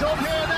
It's on now.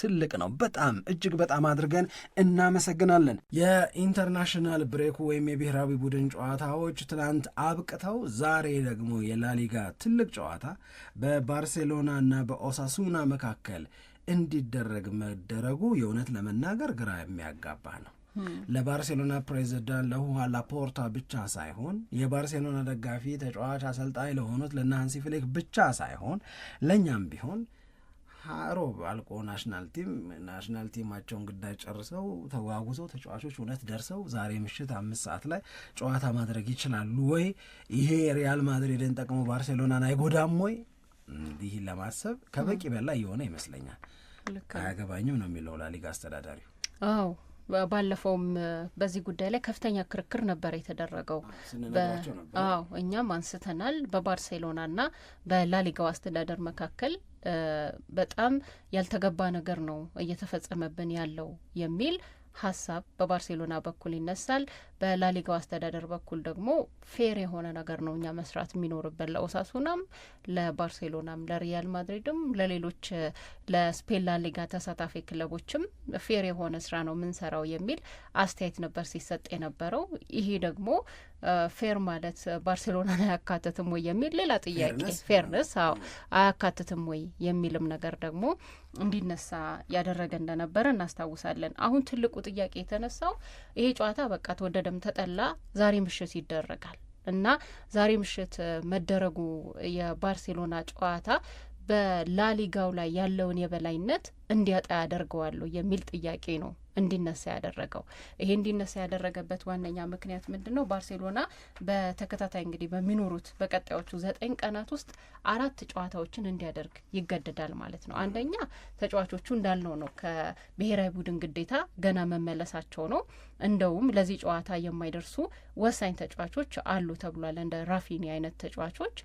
ትልቅ ነው። በጣም እጅግ በጣም አድርገን እናመሰግናለን። የኢንተርናሽናል ብሬኩ ወይም የብሔራዊ ቡድን ጨዋታዎች ትናንት አብቅተው ዛሬ ደግሞ የላሊጋ ትልቅ ጨዋታ በባርሴሎና እና በኦሳሱና መካከል እንዲደረግ መደረጉ የእውነት ለመናገር ግራ የሚያጋባ ነው። hmm. ለባርሴሎና ፕሬዚዳንት ለሁሃ ላፖርታ ብቻ ሳይሆን የባርሴሎና ደጋፊ ተጫዋች፣ አሰልጣኝ ለሆኑት ለነ ፍሌክ ብቻ ሳይሆን ለእኛም ቢሆን ሮብ አልቆ ናሽናል ቲም ናሽናል ቲማቸውን ግዳጅ ጨርሰው ተጓጉዘው ተጫዋቾች እውነት ደርሰው ዛሬ ምሽት አምስት ሰዓት ላይ ጨዋታ ማድረግ ይችላሉ ወይ? ይሄ ሪያል ማድሪድን ጠቅሞ ባርሴሎናን አይጎዳም ወይ? ይህን ለማሰብ ከበቂ በላይ የሆነ ይመስለኛል። አያገባኝም ነው የሚለው ላሊጋ አስተዳዳሪው። አዎ ባለፈውም በዚህ ጉዳይ ላይ ከፍተኛ ክርክር ነበር የተደረገው። አዎ እኛም አንስተናል። በባርሴሎናና በላሊጋው አስተዳደር መካከል በጣም ያልተገባ ነገር ነው እየተፈጸመብን ያለው የሚል ሀሳብ በባርሴሎና በኩል ይነሳል። በላሊጋው አስተዳደር በኩል ደግሞ ፌር የሆነ ነገር ነው እኛ መስራት የሚኖርበት ለኦሳሱናም፣ ለባርሴሎናም፣ ለሪያል ማድሪድም፣ ለሌሎች ለስፔን ላሊጋ ተሳታፊ ክለቦችም ፌር የሆነ ስራ ነው የምንሰራው የሚል አስተያየት ነበር ሲሰጥ የነበረው። ይሄ ደግሞ ፌር ማለት ባርሴሎናን አያካትትም ወይ የሚል ሌላ ጥያቄ፣ ፌርነስ አዎ አያካትትም ወይ የሚልም ነገር ደግሞ እንዲነሳ ያደረገ እንደነበረ እናስታውሳለን። አሁን ትልቁ ጥያቄ የተነሳው ይሄ ጨዋታ በቃ ተወደደም ተጠላ ዛሬ ምሽት ይደረጋል እና ዛሬ ምሽት መደረጉ የባርሴሎና ጨዋታ በላሊጋው ላይ ያለውን የበላይነት እንዲያጣ ያደርገዋለሁ የሚል ጥያቄ ነው እንዲነሳ ያደረገው። ይሄ እንዲነሳ ያደረገበት ዋነኛ ምክንያት ምንድን ነው? ባርሴሎና በተከታታይ እንግዲህ በሚኖሩት በቀጣዮቹ ዘጠኝ ቀናት ውስጥ አራት ጨዋታዎችን እንዲያደርግ ይገደዳል ማለት ነው። አንደኛ ተጫዋቾቹ እንዳልነው ነው ከብሔራዊ ቡድን ግዴታ ገና መመለሳቸው ነው። እንደውም ለዚህ ጨዋታ የማይደርሱ ወሳኝ ተጫዋቾች አሉ ተብሏል። እንደ ራፊኒ አይነት ተጫዋቾች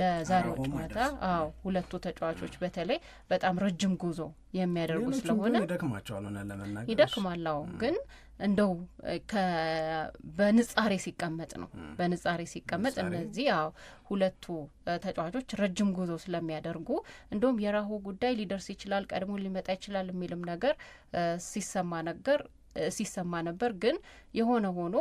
ለዛሬው ጨዋታ አዎ ሁለቱ ተጫዋቾች በተለይ በጣም ረጅም ጉዞ የሚያደርጉ ስለሆነ ይደክማቸዋል። ሆነ ለመናገር ግን እንደው በንጻሬ ሲቀመጥ ነው በንጻሬ ሲቀመጥ እነዚህ ያው ሁለቱ ተጫዋቾች ረጅም ጉዞ ስለሚያደርጉ እንደውም የራሆ ጉዳይ ሊደርስ ይችላል ቀድሞ ሊመጣ ይችላል የሚልም ነገር ሲሰማ ነገር ሲሰማ ነበር። ግን የሆነ ሆኖ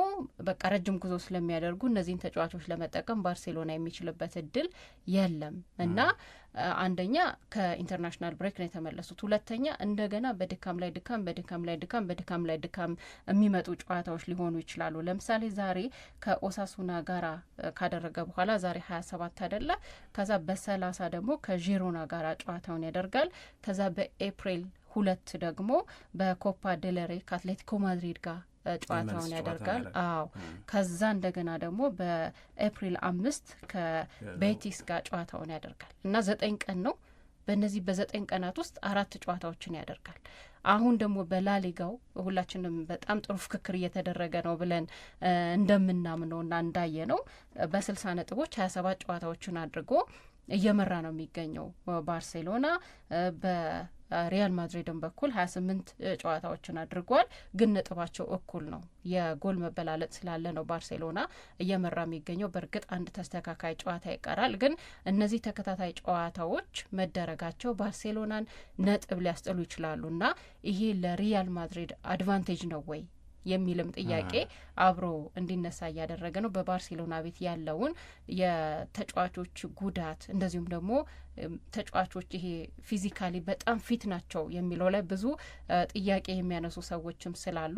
በቃ ረጅም ጉዞ ስለሚያደርጉ እነዚህን ተጫዋቾች ለመጠቀም ባርሴሎና የሚችልበት እድል የለም እና አንደኛ ከኢንተርናሽናል ብሬክ ነው የተመለሱት። ሁለተኛ እንደገና በድካም ላይ ድካም በድካም ላይ ድካም በድካም ላይ ድካም የሚመጡ ጨዋታዎች ሊሆኑ ይችላሉ። ለምሳሌ ዛሬ ከኦሳሱና ጋራ ካደረገ በኋላ ዛሬ ሀያ ሰባት አደለ። ከዛ በሰላሳ ደግሞ ከዢሮና ጋራ ጨዋታውን ያደርጋል። ከዛ በኤፕሪል ሁለት ደግሞ በኮፓ ደለሬ ከአትሌቲኮ ማድሪድ ጋር ጨዋታውን ያደርጋል። አዎ ከዛ እንደገና ደግሞ በኤፕሪል አምስት ከቤቲስ ጋር ጨዋታውን ያደርጋል እና ዘጠኝ ቀን ነው። በእነዚህ በዘጠኝ ቀናት ውስጥ አራት ጨዋታዎችን ያደርጋል። አሁን ደግሞ በላሊጋው ሁላችንም በጣም ጥሩ ፍክክር እየተደረገ ነው ብለን ና እንዳየ ነው በስልሳ ነጥቦች ሀያ ሰባት ጨዋታዎችን አድርጎ እየመራ ነው የሚገኘው ባርሴሎና በሪያል ማድሪድም በኩል ሀያ ስምንት ጨዋታዎችን አድርጓል። ግን ነጥባቸው እኩል ነው። የጎል መበላለጥ ስላለ ነው ባርሴሎና እየመራ የሚገኘው። በእርግጥ አንድ ተስተካካይ ጨዋታ ይቀራል። ግን እነዚህ ተከታታይ ጨዋታዎች መደረጋቸው ባርሴሎናን ነጥብ ሊያስጥሉ ይችላሉ እና ይሄ ለሪያል ማድሪድ አድቫንቴጅ ነው ወይ የሚልም ጥያቄ አብሮ እንዲነሳ እያደረገ ነው። በባርሴሎና ቤት ያለውን የተጫዋቾች ጉዳት እንደዚሁም ደግሞ ተጫዋቾች ይሄ ፊዚካሊ በጣም ፊት ናቸው የሚለው ላይ ብዙ ጥያቄ የሚያነሱ ሰዎችም ስላሉ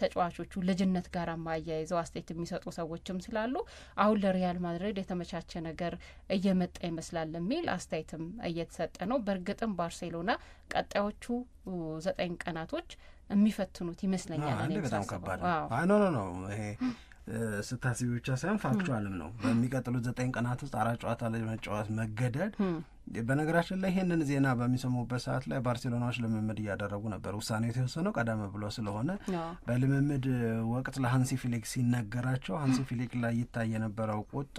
ተጫዋቾቹ ልጅነት ጋር ማያይዘው አስተያየት የሚሰጡ ሰዎችም ስላሉ አሁን ለሪያል ማድሪድ የተመቻቸ ነገር እየመጣ ይመስላል የሚል አስተያየትም እየተሰጠ ነው። በእርግጥም ባርሴሎና ቀጣዮቹ ዘጠኝ ቀናቶች የሚፈትኑት ይመስለኛል። በጣም ከባድ ነው። ኖ ኖ ይሄ ስታስቢ ብቻ ሳይሆን ፋክቹዋልም ነው። በሚቀጥሉት ዘጠኝ ቀናት ውስጥ አራት ጨዋታ ላይ መጫወት መገደድ በነገራችን ላይ ይህንን ዜና በሚሰሙበት ሰዓት ላይ ባርሴሎናዎች ልምምድ እያደረጉ ነበር። ውሳኔ የተወሰነው ቀደም ብሎ ስለሆነ በልምምድ ወቅት ለሀንሲ ፊሊክ ሲነገራቸው ሀንሲ ፊሊክ ላይ ይታይ የነበረው ቁጣ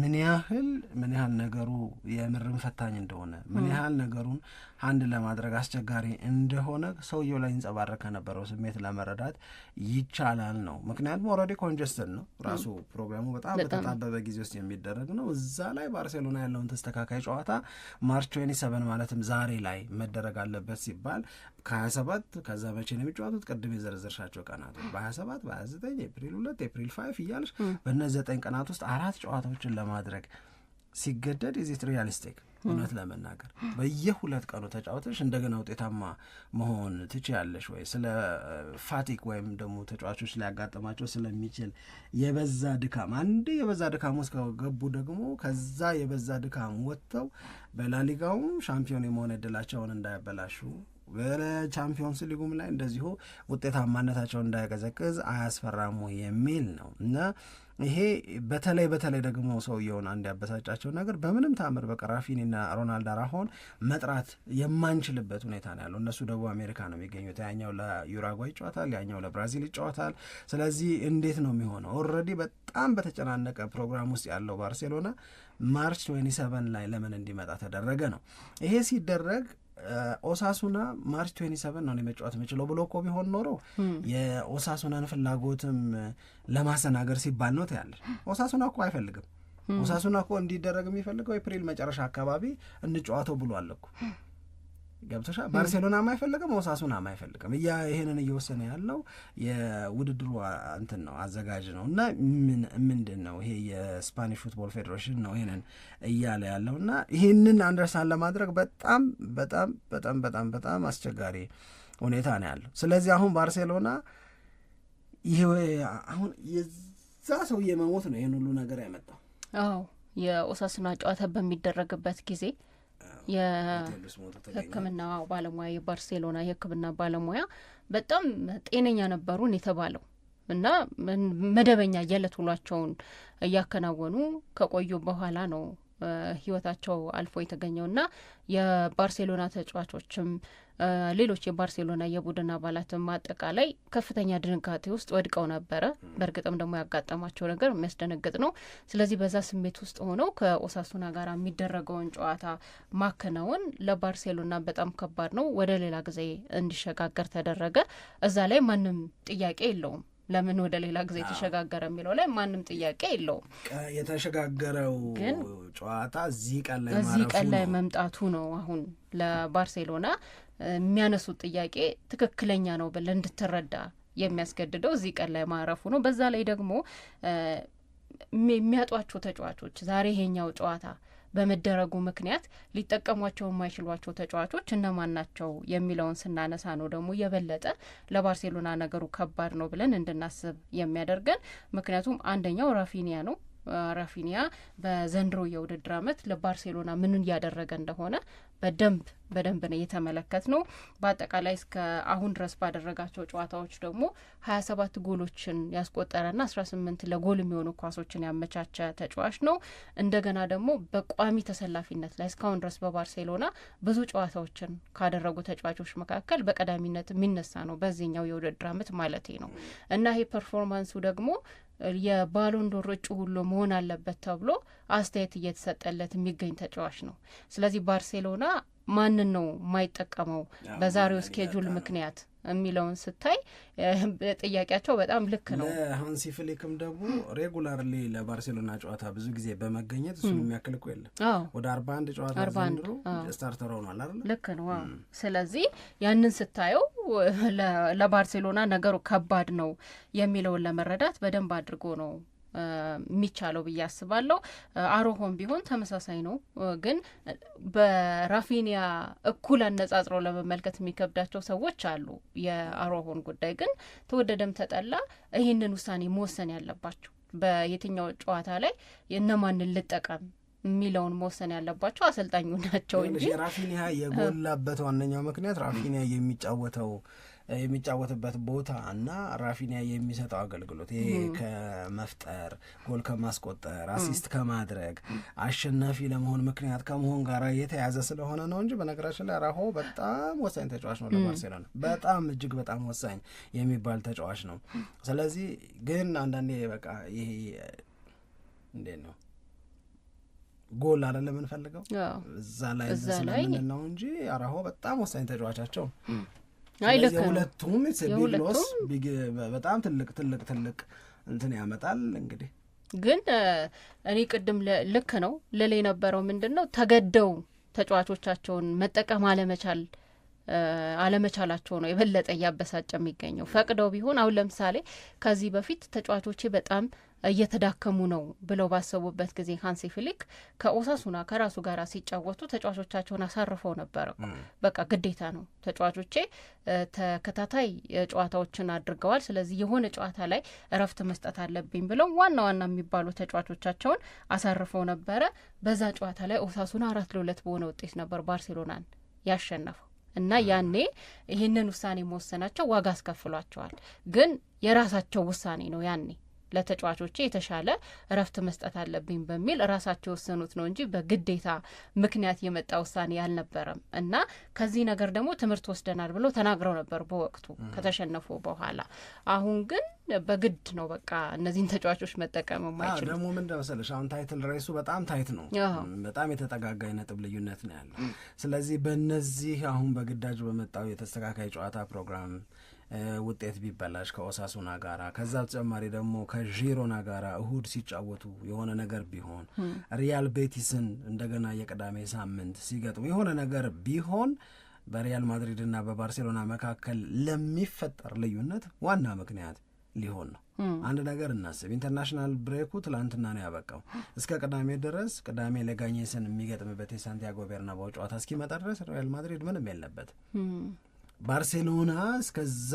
ምን ያህል ምን ያህል ነገሩ የምርም ፈታኝ እንደሆነ ምን ያህል ነገሩን አንድ ለማድረግ አስቸጋሪ እንደሆነ ሰውየው ላይ ይንጸባረቅ ከነበረው ስሜት ለመረዳት ይቻላል ነው። ምክንያቱም ኦልሬዲ ኮንጀስትን ነው ራሱ ፕሮግራሙ በጣም በተጣበበ ጊዜ ውስጥ የሚደረግ ነው። እዛ ላይ ባርሴሎና ያለውን ተስተካካይ ጨዋታ ማርች 27 ማለትም ዛሬ ላይ መደረግ አለበት ሲባል ከ27 ከዛ መቼ ነው የሚጫወቱት? ቅድም የዘረዘርሻቸው ቀናት በ27 በ29 ኤፕሪል 2 ኤፕሪል 5 እያልሽ በእነዚህ ዘጠኝ ቀናት ውስጥ አራት ጨዋታዎችን ለማድረግ ሲገደድ ኢዚት ሪያሊስቲክ እውነት ለመናገር በየሁለት ቀኑ ተጫውተሽ እንደገና ውጤታማ መሆን ትችያለሽ ወይ? ስለ ፋቲክ ወይም ደግሞ ተጫዋቾች ሊያጋጥማቸው ስለሚችል የበዛ ድካም አንዴ የበዛ ድካም ውስጥ ከገቡ ደግሞ ከዛ የበዛ ድካም ወጥተው በላሊጋውም ሻምፒዮን የመሆን እድላቸውን እንዳያበላሹ በቻምፒዮንስ ሊጉም ላይ እንደዚሁ ውጤታማነታቸው እንዳይቀዘቅዝ አያስፈራሙ የሚል ነው እና ይሄ በተለይ በተለይ ደግሞ ሰውየውን አንድ ያበሳጫቸው ነገር በምንም ታምር በቃ ራፊኒና ሮናልድ አራሆን መጥራት የማንችልበት ሁኔታ ነው ያለው። እነሱ ደቡብ አሜሪካ ነው የሚገኙት። ያኛው ለዩራጓይ ይጫወታል፣ ያኛው ለብራዚል ይጫወታል። ስለዚህ እንዴት ነው የሚሆነው? ኦልሬዲ በጣም በተጨናነቀ ፕሮግራም ውስጥ ያለው ባርሴሎና ማርች 27 ላይ ለምን እንዲመጣ ተደረገ ነው። ይሄ ሲደረግ ኦሳሱና ማርች ትዌንቲ ሰቨን ነው መጫወት የምችለው ብሎ እኮ ቢሆን ኖሮ የኦሳሱናን ፍላጎትም ለማሰናገር ሲባል ነው ትያለሽ። ኦሳሱና እኮ አይፈልግም። ኦሳሱና እኮ እንዲደረግ የሚፈልገው ኤፕሪል መጨረሻ አካባቢ እንጨዋተው ብሎ አለኩ ገብተሻ ባርሴሎና አይፈልግም ኦሳሱናም አይፈልግም። እያ ይሄንን እየወሰነ ያለው የውድድሩ እንትን ነው አዘጋጅ ነው እና ምንድን ነው ይሄ የስፓኒሽ ፉትቦል ፌዴሬሽን ነው ይሄንን እያለ ያለው እና ይህንን አንደርሳን ለማድረግ በጣም በጣም በጣም በጣም በጣም አስቸጋሪ ሁኔታ ነው ያለው። ስለዚህ አሁን ባርሴሎና ይሄ አሁን የዛ ሰው መሞት ነው ይህን ሁሉ ነገር ያመጣው። አዎ የኦሳሱና ጨዋታ በሚደረግበት ጊዜ የሕክምና ባለሙያ የባርሴሎና የሕክምና ባለሙያ በጣም ጤነኛ ነበሩን የተባለው እና መደበኛ የዕለት ውሏቸውን እያከናወኑ ከቆዩ በኋላ ነው ህይወታቸው አልፎ የተገኘው እና የባርሴሎና ተጫዋቾችም ሌሎች የባርሴሎና የቡድን አባላትም አጠቃላይ ከፍተኛ ድንጋጤ ውስጥ ወድቀው ነበረ። በእርግጥም ደግሞ ያጋጠማቸው ነገር የሚያስደነግጥ ነው። ስለዚህ በዛ ስሜት ውስጥ ሆነው ከኦሳሱና ጋር የሚደረገውን ጨዋታ ማከናወን ለባርሴሎና በጣም ከባድ ነው፣ ወደ ሌላ ጊዜ እንዲሸጋገር ተደረገ። እዛ ላይ ማንም ጥያቄ የለውም። ለምን ወደ ሌላ ጊዜ የተሸጋገረ የሚለው ላይ ማንም ጥያቄ የለውም። የተሸጋገረው ግን ጨዋታ እዚህ ቀን ላይ መምጣቱ ነው አሁን ለባርሴሎና የሚያነሱት ጥያቄ ትክክለኛ ነው ብለህ እንድትረዳ የሚያስገድደው እዚህ ቀን ላይ ማረፉ ነው። በዛ ላይ ደግሞ የሚያጧቸው ተጫዋቾች ዛሬ ይሄኛው ጨዋታ በመደረጉ ምክንያት ሊጠቀሟቸው የማይችሏቸው ተጫዋቾች እነማን ናቸው የሚለውን ስናነሳ ነው ደግሞ የበለጠ ለባርሴሎና ነገሩ ከባድ ነው ብለን እንድናስብ የሚያደርገን። ምክንያቱም አንደኛው ራፊኒያ ነው። ራፊኒያ በዘንድሮ የውድድር ዓመት ለባርሴሎና ምንን እያደረገ እንደሆነ በደንብ በደንብ ነው እየተመለከት ነው። በአጠቃላይ እስከ አሁን ድረስ ባደረጋቸው ጨዋታዎች ደግሞ ሀያ ሰባት ጎሎችን ያስቆጠረና አስራ ስምንት ለጎል የሚሆኑ ኳሶችን ያመቻቸ ተጫዋች ነው። እንደገና ደግሞ በቋሚ ተሰላፊነት ላይ እስካሁን ድረስ በባርሴሎና ብዙ ጨዋታዎችን ካደረጉ ተጫዋቾች መካከል በቀዳሚነት የሚነሳ ነው፣ በዚህኛው የውድድር ዓመት ማለት ነው እና ይሄ ፐርፎርማንሱ ደግሞ የባሎንዶር እጩ ሁሉ መሆን አለበት ተብሎ አስተያየት እየተሰጠለት የሚገኝ ተጫዋች ነው። ስለዚህ ባርሴሎና ማንን ነው የማይጠቀመው በዛሬው ስኬጁል ምክንያት የሚለውን ስታይ ጥያቄያቸው በጣም ልክ ነው። ሀንሲ ፍሊክም ደግሞ ሬጉላርሊ ለባርሴሎና ጨዋታ ብዙ ጊዜ በመገኘት እሱን የሚያክል እኮ የለም። ወደ አርባ አንድ ጨዋታ ዘንድሮ ስታርተር ሆኗል አይደል? ልክ ነው። ስለዚህ ያንን ስታየው ለባርሴሎና ነገሩ ከባድ ነው የሚለውን ለመረዳት በደንብ አድርጎ ነው የሚቻለው ብዬ አስባለሁ። አሮሆን ቢሆን ተመሳሳይ ነው፣ ግን በራፊኒያ እኩል አነጻጽሮ ለመመልከት የሚከብዳቸው ሰዎች አሉ። የአሮሆን ጉዳይ ግን ተወደደም ተጠላ ይህንን ውሳኔ መወሰን ያለባቸው በየትኛው ጨዋታ ላይ እነማንን ልጠቀም የሚለውን መወሰን ያለባቸው አሰልጣኙ ናቸው እንጂ ራፊኒያ የጎላበት ዋነኛው ምክንያት ራፊኒያ የሚጫወተው የሚጫወትበት ቦታ እና ራፊኒያ የሚሰጠው አገልግሎት ይሄ ከመፍጠር ጎል ከማስቆጠር አሲስት ከማድረግ አሸናፊ ለመሆን ምክንያት ከመሆን ጋር የተያዘ ስለሆነ ነው እንጂ በነገራችን ላይ ራሆ በጣም ወሳኝ ተጫዋች ነው ለባርሴሎና፣ በጣም እጅግ በጣም ወሳኝ የሚባል ተጫዋች ነው። ስለዚህ ግን አንዳንዴ በቃ ይሄ እንዴት ነው ጎል አደለ የምንፈልገው እዛ ላይ ስለምንል ነው እንጂ አራሆ በጣም ወሳኝ ተጫዋቻቸው የሁለቱም ቢሎስ በጣም ትልቅ ትልቅ ትልቅ እንትን ያመጣል። እንግዲህ ግን እኔ ቅድም ልክ ነው ልል የነበረው ምንድን ነው ተገደው ተጫዋቾቻቸውን መጠቀም አለመቻል አለመቻላቸው ነው የበለጠ እያበሳጨ የሚገኘው። ፈቅደው ቢሆን አሁን ለምሳሌ ከዚህ በፊት ተጫዋቾቼ በጣም እየተዳከሙ ነው ብለው ባሰቡበት ጊዜ ሃንሲ ፊሊክ ከኦሳሱና ከራሱ ጋር ሲጫወቱ ተጫዋቾቻቸውን አሳርፈው ነበረ። በቃ ግዴታ ነው ተጫዋቾቼ ተከታታይ ጨዋታዎችን አድርገዋል፣ ስለዚህ የሆነ ጨዋታ ላይ እረፍት መስጠት አለብኝ ብለው ዋና ዋና የሚባሉ ተጫዋቾቻቸውን አሳርፈው ነበረ። በዛ ጨዋታ ላይ ኦሳሱና አራት ለሁለት በሆነ ውጤት ነበር ባርሴሎናን ያሸነፈው እና ያኔ ይህንን ውሳኔ መወሰናቸው ዋጋ አስከፍሏቸዋል። ግን የራሳቸው ውሳኔ ነው ያኔ ለተጫዋቾቼ የተሻለ እረፍት መስጠት አለብኝ በሚል ራሳቸው ወሰኑት ነው እንጂ በግዴታ ምክንያት የመጣ ውሳኔ አልነበረም እና ከዚህ ነገር ደግሞ ትምህርት ወስደናል ብሎ ተናግረው ነበር በወቅቱ ከተሸነፉ በኋላ። አሁን ግን በግድ ነው በቃ እነዚህን ተጫዋቾች መጠቀም ማይችሉ ደግሞ ምን መሰለሽ፣ አሁን ታይትል ሬሱ በጣም ታይት ነው፣ በጣም የተጠጋጋ ነጥብ ልዩነት ነው ያለው። ስለዚህ በእነዚህ አሁን በግዳጅ በመጣው የተስተካካይ ጨዋታ ፕሮግራም ውጤት ቢበላሽ ከኦሳሱና ጋራ ከዛ በተጨማሪ ደግሞ ከዢሮና ጋራ እሁድ ሲጫወቱ የሆነ ነገር ቢሆን ሪያል ቤቲስን እንደገና የቅዳሜ ሳምንት ሲገጥሙ የሆነ ነገር ቢሆን በሪያል ማድሪድና በባርሴሎና መካከል ለሚፈጠር ልዩነት ዋና ምክንያት ሊሆን ነው። አንድ ነገር እናስብ። ኢንተርናሽናል ብሬኩ ትላንትና ነው ያበቃው። እስከ ቅዳሜ ድረስ ቅዳሜ ሌጋኔስን የሚገጥምበት የሳንቲያጎ ቤርናባው ጨዋታ እስኪመጣ ድረስ ሪያል ማድሪድ ምንም የለበት ባርሴሎና እስከዛ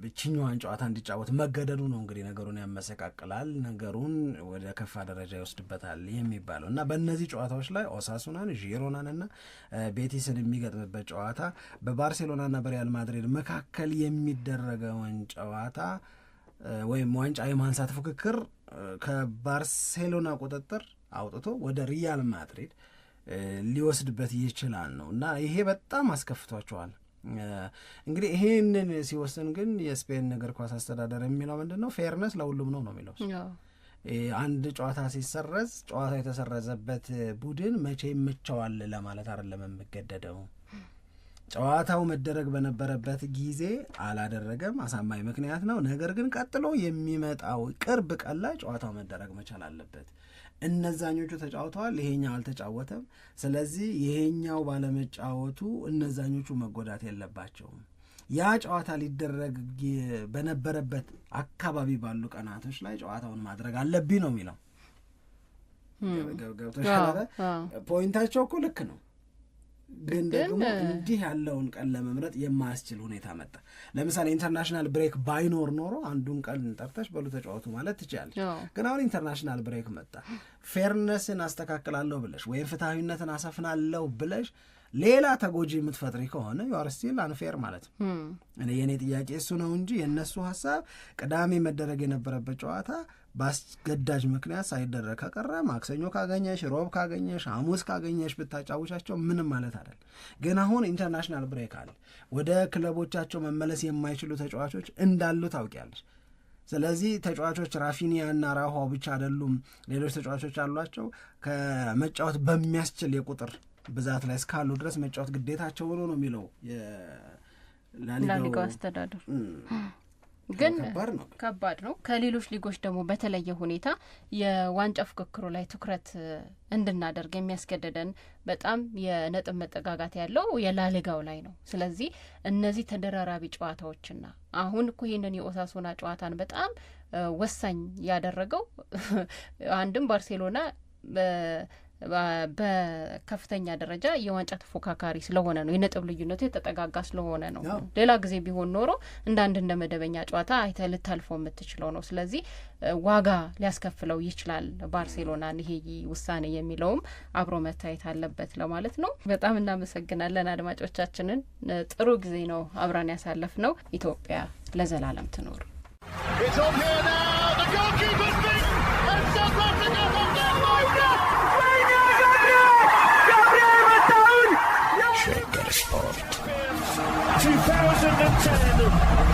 ብችኛዋን ጨዋታ እንዲጫወት መገደዱ ነው እንግዲህ ነገሩን ያመሰቃቅላል፣ ነገሩን ወደ ከፋ ደረጃ ይወስድበታል የሚባለው እና በእነዚህ ጨዋታዎች ላይ ኦሳሱናን፣ ዢሮናን እና ቤቲስን የሚገጥምበት ጨዋታ በባርሴሎናና በሪያል ማድሪድ መካከል የሚደረገውን ጨዋታ ወይም ዋንጫ የማንሳት ፉክክር ከባርሴሎና ቁጥጥር አውጥቶ ወደ ሪያል ማድሪድ ሊወስድበት ይችላል ነው እና ይሄ በጣም አስከፍቷቸዋል። እንግዲህ ይሄንን ሲወስን ግን የስፔን እግር ኳስ አስተዳደር የሚለው ምንድን ነው? ፌርነስ ለሁሉም ነው ነው የሚለው አንድ ጨዋታ ሲሰረዝ ጨዋታ የተሰረዘበት ቡድን መቼ ምቸዋል ለማለት አይደለም የምገደደው። ጨዋታው መደረግ በነበረበት ጊዜ አላደረገም፣ አሳማኝ ምክንያት ነው። ነገር ግን ቀጥሎ የሚመጣው ቅርብ ቀን ላይ ጨዋታው መደረግ መቻል አለበት። እነዛኞቹ ተጫውተዋል፣ ይሄኛው አልተጫወተም። ስለዚህ ይሄኛው ባለመጫወቱ እነዛኞቹ መጎዳት የለባቸውም። ያ ጨዋታ ሊደረግ በነበረበት አካባቢ ባሉ ቀናቶች ላይ ጨዋታውን ማድረግ አለብኝ ነው የሚለው። ገብቶሻል? ፖይንታቸው እኮ ልክ ነው። ግን ደግሞ እንዲህ ያለውን ቀን ለመምረጥ የማያስችል ሁኔታ መጣ። ለምሳሌ ኢንተርናሽናል ብሬክ ባይኖር ኖሮ አንዱን ቀን ጠርተሽ በሉ ተጫወቱ ማለት ትችላለች። ግን አሁን ኢንተርናሽናል ብሬክ መጣ። ፌርነስን አስተካክላለሁ ብለሽ ወይም ፍትሐዊነትን አሰፍናለሁ ብለሽ ሌላ ተጎጂ የምትፈጥሪ ከሆነ ዩአርስቲል አንፌር ማለት ነው። እኔ የእኔ ጥያቄ እሱ ነው እንጂ የእነሱ ሀሳብ ቅዳሜ መደረግ የነበረበት ጨዋታ በአስገዳጅ ምክንያት ሳይደረግ ከቀረ ማክሰኞ ካገኘሽ፣ ሮብ ካገኘሽ፣ ሐሙስ ካገኘሽ ብታጫውቻቸው ምንም ማለት አይደል። ግን አሁን ኢንተርናሽናል ብሬክ አለ። ወደ ክለቦቻቸው መመለስ የማይችሉ ተጫዋቾች እንዳሉ ታውቂያለች ስለዚህ ተጫዋቾች ራፊኒያና ራሆ ብቻ አይደሉም፣ ሌሎች ተጫዋቾች አሏቸው። ከመጫወት በሚያስችል የቁጥር ብዛት ላይ እስካሉ ድረስ መጫወት ግዴታቸው ሆኖ ነው የሚለው የላሊጋው አስተዳደር። ግን ከባድ ነው። ከሌሎች ሊጎች ደግሞ በተለየ ሁኔታ የዋንጫ ፉክክሩ ላይ ትኩረት እንድናደርግ የሚያስገድደን በጣም የነጥብ መጠጋጋት ያለው የላሊጋው ላይ ነው። ስለዚህ እነዚህ ተደራራቢ ጨዋታዎችና አሁን እኮ ይህንን የኦሳሶና ጨዋታን በጣም ወሳኝ ያደረገው አንድም ባርሴሎና በከፍተኛ ደረጃ የዋንጫ ተፎካካሪ ስለሆነ ነው። የነጥብ ልዩነቱ የተጠጋጋ ስለሆነ ነው። ሌላ ጊዜ ቢሆን ኖሮ እንደ አንድ እንደ መደበኛ ጨዋታ አይተ ልታልፎ የምትችለው ነው። ስለዚህ ዋጋ ሊያስከፍለው ይችላል ባርሴሎና ይሄ ውሳኔ የሚለውም አብሮ መታየት አለበት ለማለት ነው። በጣም እናመሰግናለን አድማጮቻችንን። ጥሩ ጊዜ ነው አብረን ያሳለፍ ነው። ኢትዮጵያ ለዘላለም ትኖር። Oxford. 2010